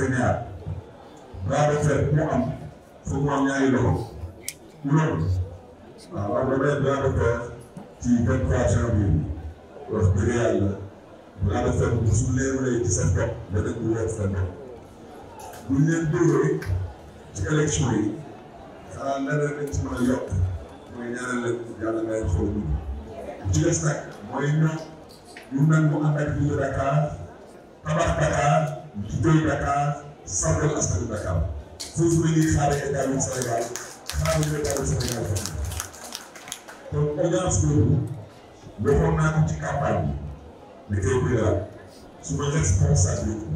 nekk ñaar bras de mu am foog mu am ñaari loxo mu loolu waaw am damay bras de fer ci vingt trois janvier bi wax dëgg yàlla bras de fer bu su léewalee ci sa bopp ba dëgg weer sa bopp buñ leen dóoree ci élection yi xanaa leneen lañ ci mën a yokk mooy ñaanal leen yàlla ngay xool ñu ci des nag mooy ñoom ñu nag mu ànd ak ñu Dakar tabax Dakar jël Dakar sargal askanu Dakar foofu la ñuy xaaree état bu Sénégal xaaral ñu état bu Sénégal kon audience boobu waxoon naa ko ci campagne bi ne tey bii daal suma responsabilité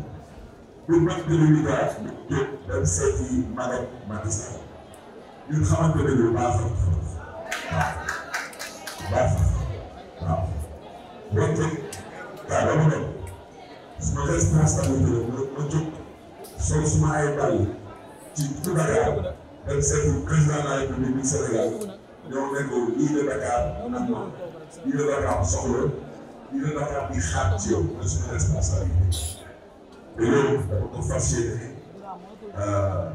pour man jëloon ñu daal jóg dem seeti madame Macky Sall ñun xamante ne lu baax la waaw baax la waaw wante daa dama dem. su ma des place amatuma ma ma jóg sol suma ay dàll ci tout Dakar dem seetlu président de la République du Sénégal ñoo ne ko lii de Dakar am na lii de Dakar soxla lii de Dakar di xaar ci yow mooy suma responsabilité te loolu dafa ko fas yéene euh,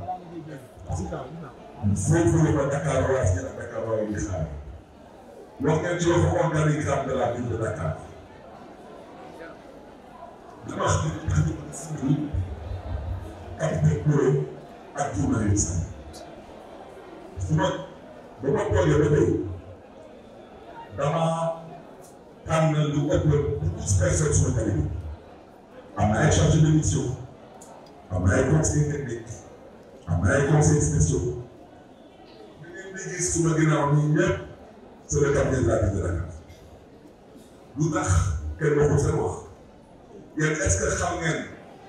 foofu la ma Dakar waa ci Dakar waa ngi xaar wax ngeen ci wax ko organigramme de la ville de Dakar. Imagine me at the point at two minutes. Suma ba ma tollee ba tey dama tànn lu ëpp douze personnes suma télé bi am na ay chargé de mission am na ay conseil technique am na ay conseil spéciaux ñu leen di gis suma ginnaaw nii ñëpp c'est le cabinet de la ville de Dakar lu tax kenn waxul seen wax yéen est-ce que xam ngeen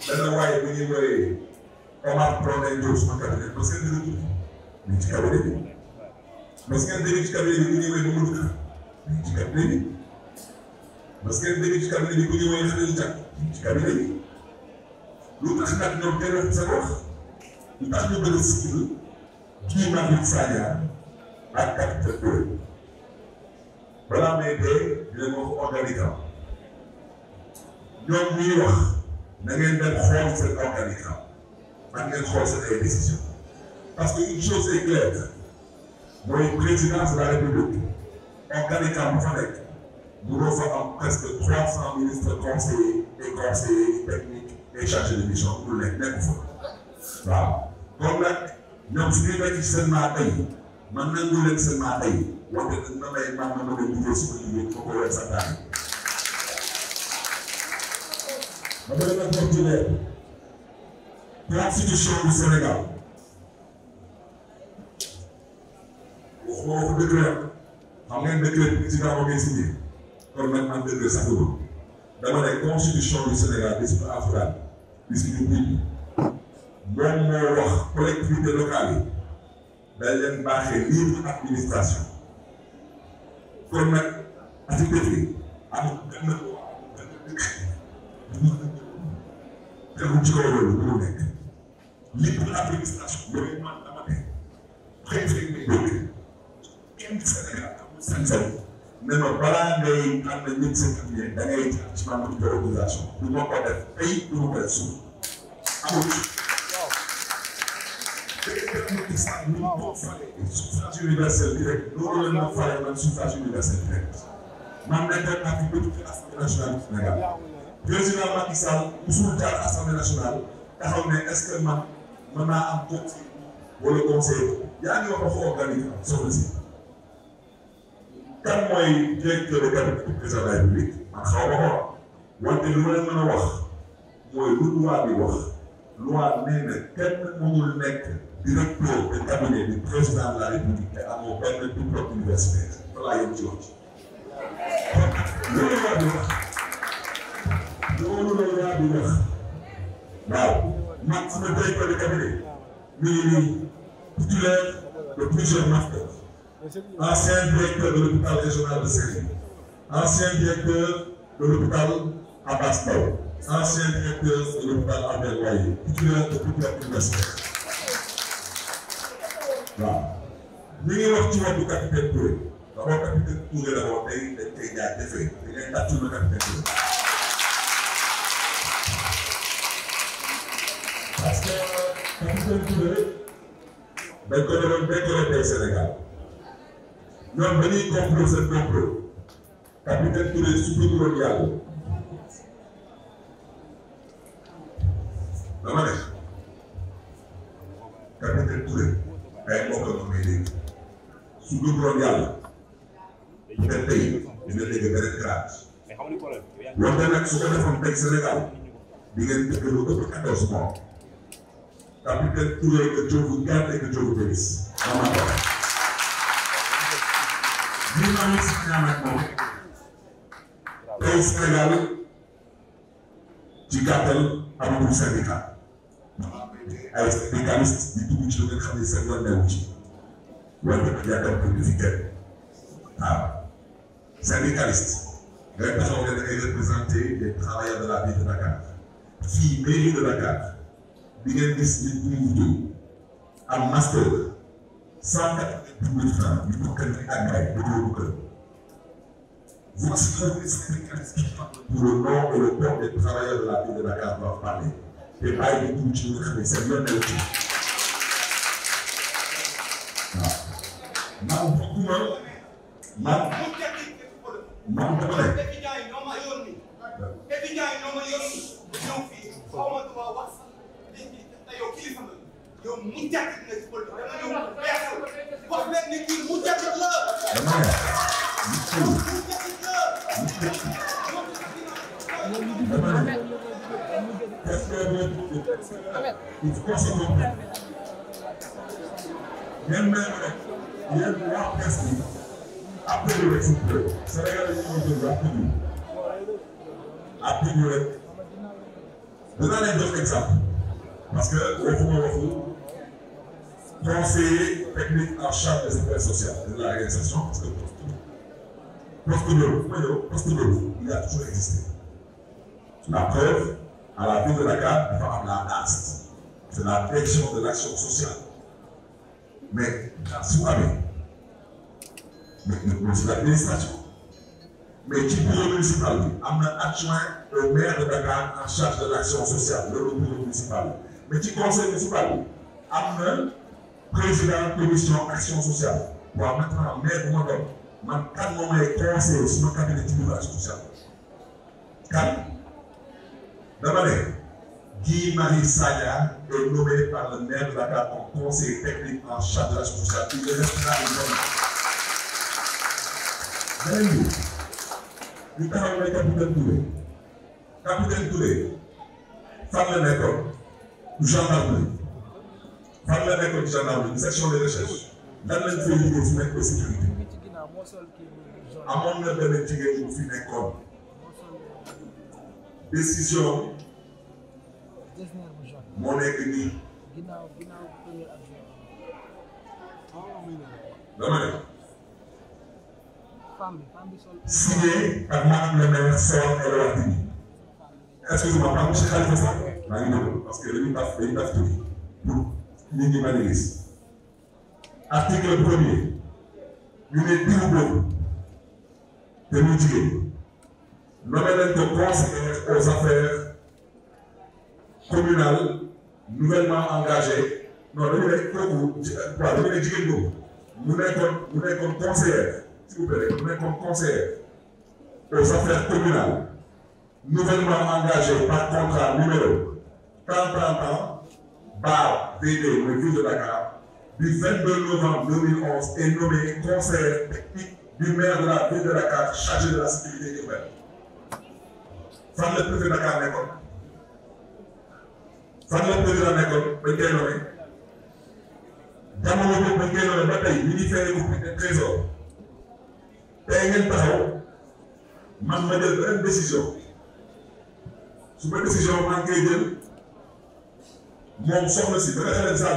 benn waaye bu ñuy woowee Omar Blondin Diop sama cabinet mos ngeen déglu ñu ci cabinet bi mos ngeen déglu ci cabinet bi bu ñuy woowee Mamadou Ka ñu ci cabinet bi mos ngeen déglu ci cabinet bi bu ñuy woowee Xalil Diak ñu ci cabinet bi lu tax nag ñoom kenn sa wax lu tax ñu bëgg a sikkil kii Malick Sagna ak capitaine Touré balaa may dee dinañ wax organique ñoom ñuy wax na ngeen dem xool seen organigramme man ngeen xool seen ay décision parce que une chose est claire mooy présidence de la république organigramme bu fa nekk mënoo fa am presque trois cent ministres conseillers et conseillers techniques et chargés de mission lu nekk nekk fa waaw kon nag ñoom su ñuy nekk ci seen maa tey man nangu leen seen maa tey wante na may man na mën a liggéey suma liggéey ma n leen santaane dafa dama continuer constitution du Sénégal waxuma ko décret xam ngeen décret bi président moo koy signé kon nag am décret sax dama ne constitution du Sénégal di suñu Afrique di suñu bind moom moo wax collectivité locale yi dañ leen baaxee libre administration kon nag activité bi am dugg ci kaw loolu mënul nekk libre administration loolu man dama ne préfet bi jógee kenn du Sénégal amul sañ-sañ ne ma balaa ngay ànd nit sa cabinet da ngay jaar ci man de organisation du ma ko def tey du ma ko def suuf amul suffrage universel direct loolu la ñu faral man suffrage universel direct man nekk naa fi bépp classe nationale du Sénégal président Macky Sall musul jaar assemblée nationale taxaw ne est ce que man mën naa am bopp wala conseiller yaa ngi wax waxu organique soxna si kan mooy directeur de lu ma leen wax mooy lu loi bi wax loi nee na kenn mënul nekk directeur de cabinet du président de la République te amoo benn diplôme universitaire balaa yem ci wax ci. loolu loi bi loolu la loi bi wax waaw man sama directeur de cabinet mi ngi nii titulaire de plusieurs masters ancien directeur de l'hôpital régional de Sédhiou ancien directeur de l'hôpital Abass Ndao ancien directeur de l'hôpital Abel Waye titulaire de plusieurs universités waaw mi ngi wax ci wàllu capitaine Touré d'abord capitaine Touré d'abord tey dañ koy jaajëfee dañ dañ ko doon développé Sénégal ñoom dañuy complot seen complot capitaine Touré surtout woon yàlla dama ne capitaine Touré ay mbokk ak may dégg surtout woon yàlla te tey dina dégg beneen grade wante nag su ko defoon tey Sénégal di ngeen dégg lu ëpp 14 mois ka kuréel ga Diogu Nganda ga Diogu Benis amaa ko. lii maa ngi si ñaan ak moom tey Sénégal ci gàttal amagul di dugg ci lu nga xam ne seen yoon newu ci wala yaakaar ko du fi kenn waaw syndicaliste nga taxaw nga da ngay représenté les travailleurs de la ville de Dakar fii di ngeen gis nit ñi ñu jub am master cent quatre-vingt mille francs ñu bokkal ci tàngaay ba doo ko Voici les sacrifices pour le nom et le père des travailleurs de la ville de Dakar doivent parler. te bàyyi di ci nga xam ne seen yoon nekk ci. waaw. man bëgguma man man dama ne. yow kilifa nga yow mu jàkk nga ci politique dama ñëw beesal wax leen ni kii mu jàkk la. dama ne dama ne parce que il faut se comprendre même même rek yéen waa presse bi après ñu rek suñu bëri Sénégal yi ñu ngi jël après ñu après ñu rek dinaa leen jox exemple parce que waxuma waxu conseiller technique en charge des affaires sociales de l'organisation parce que poste boobu ma ñëw poste boobu il a toujours existé la preuve à la ville de Dakar dafa am la DAS c'est la direction de l'action sociale mais su amee mais c'est l'administration mais ci bureau municipal bi am na adjoint au maire de Dakar en charge de l'action sociale loolu bureau municipal bi mais ci conseil municipal am na président commission action sociale waaw maintenant maire bu ma doon man kan moom may conseiller suma cabinet ci biir action sociale kan dama ne Guy Marie Sagna est nommé par le maire de Dakar comme conseiller technique en charge de l'action sociale il restera le même. beneen bi ñu taxaw ne gendarmerie fan la nekkoon gendarmerie section de recherche lan lañ fay liggéey fu nekk ba sécurité amoon na benn jigéen bu fi nekkoon décision moo nekk nii dama ne signé ak maanaam le maire Soham El Wardini excuse-moi Pape Khalifa Sall maa ngi jóg parce que dañu taf dañu taf tuuti pour nit ñi bañ a gis article premier ñu ne diw boobu te muy jigéen nommé nañ ko conseiller aux affaires communales nouvellement engagé non dañu nekk kooku ji waaw dañu ne jigéen boobu mu aux affaires communales nouvellement engagé par contrat numéro. plan plan plan BAO V2 mooy ville de Dakar du 22 novembre 2011 est nommé conseiller technique du maire de la ville de Dakar chargé de la sécurité urbaine. fan la préfet Dakar nekkoon fan la président nekkoon bañ koy nommé jamono boobu bañ koy nommé ba tey ñu ngi fay ko de trésor tey ngeen taxaw man ma jël benn décision su ma décision maa ngi koy jël. moom soxna si ba nga xam ne sax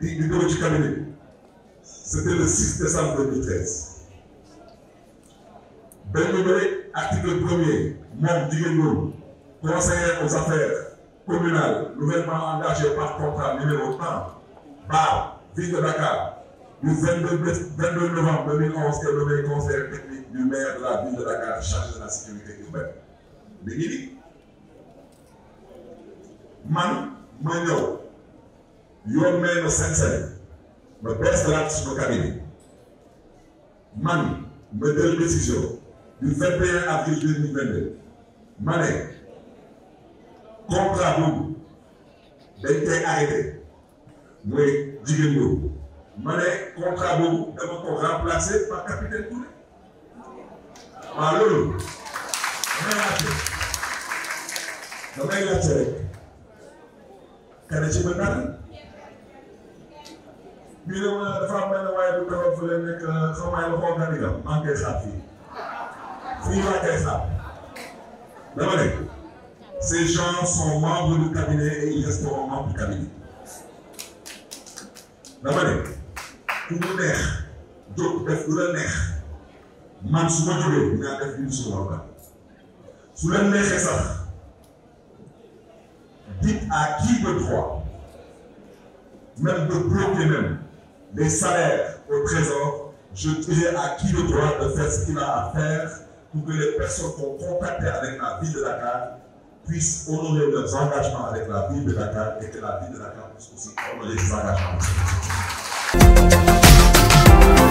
di di dugg ci cabinet bi c'était le 6 décembre 2013 benn bëri article premier moom jigéen ñoom conseiller aux affaires communales nouvellement engagé par contrat numéro 1 bar ville de Dakar du 22 22 novembre 2011 que nommé conseiller technique du maire de la ville de Dakar chargé de la sécurité urbaine mi ngi nii man. ma ñëw yoon may ma sañ-sañ ma beesalaat suma cabinet man ma jël décision du 21 avril 2022 ma ne contrat boobu dañ koy arrêté mooy jigéen boobu ma ne contrat boobu dama ko remplacé par capitaine Touré waaw loolu damay laajte damay laajte rek. kenn ci mën naa bii de ma dafa am benn waaye bu taxaw fële nekk sama maay la xool naa digal maa ngi koy xaar fii fii laa koy xaar dama ne ces gens sont membres du cabinet et ils resteront membres du cabinet dama ne ku mu neex jóg def lu la neex man su ma jógee dinaa def li mu su la neexee sax à qui de droit, même de bloquer même les salaires au trésor, je dirais à qui le droit de faire ce qu'il a à faire pour que les personnes qu'on contacte avec la ville de Dakar puissent honorer leurs engagements avec la ville de Dakar et que la ville de Dakar puisse aussi honorer ses engagements.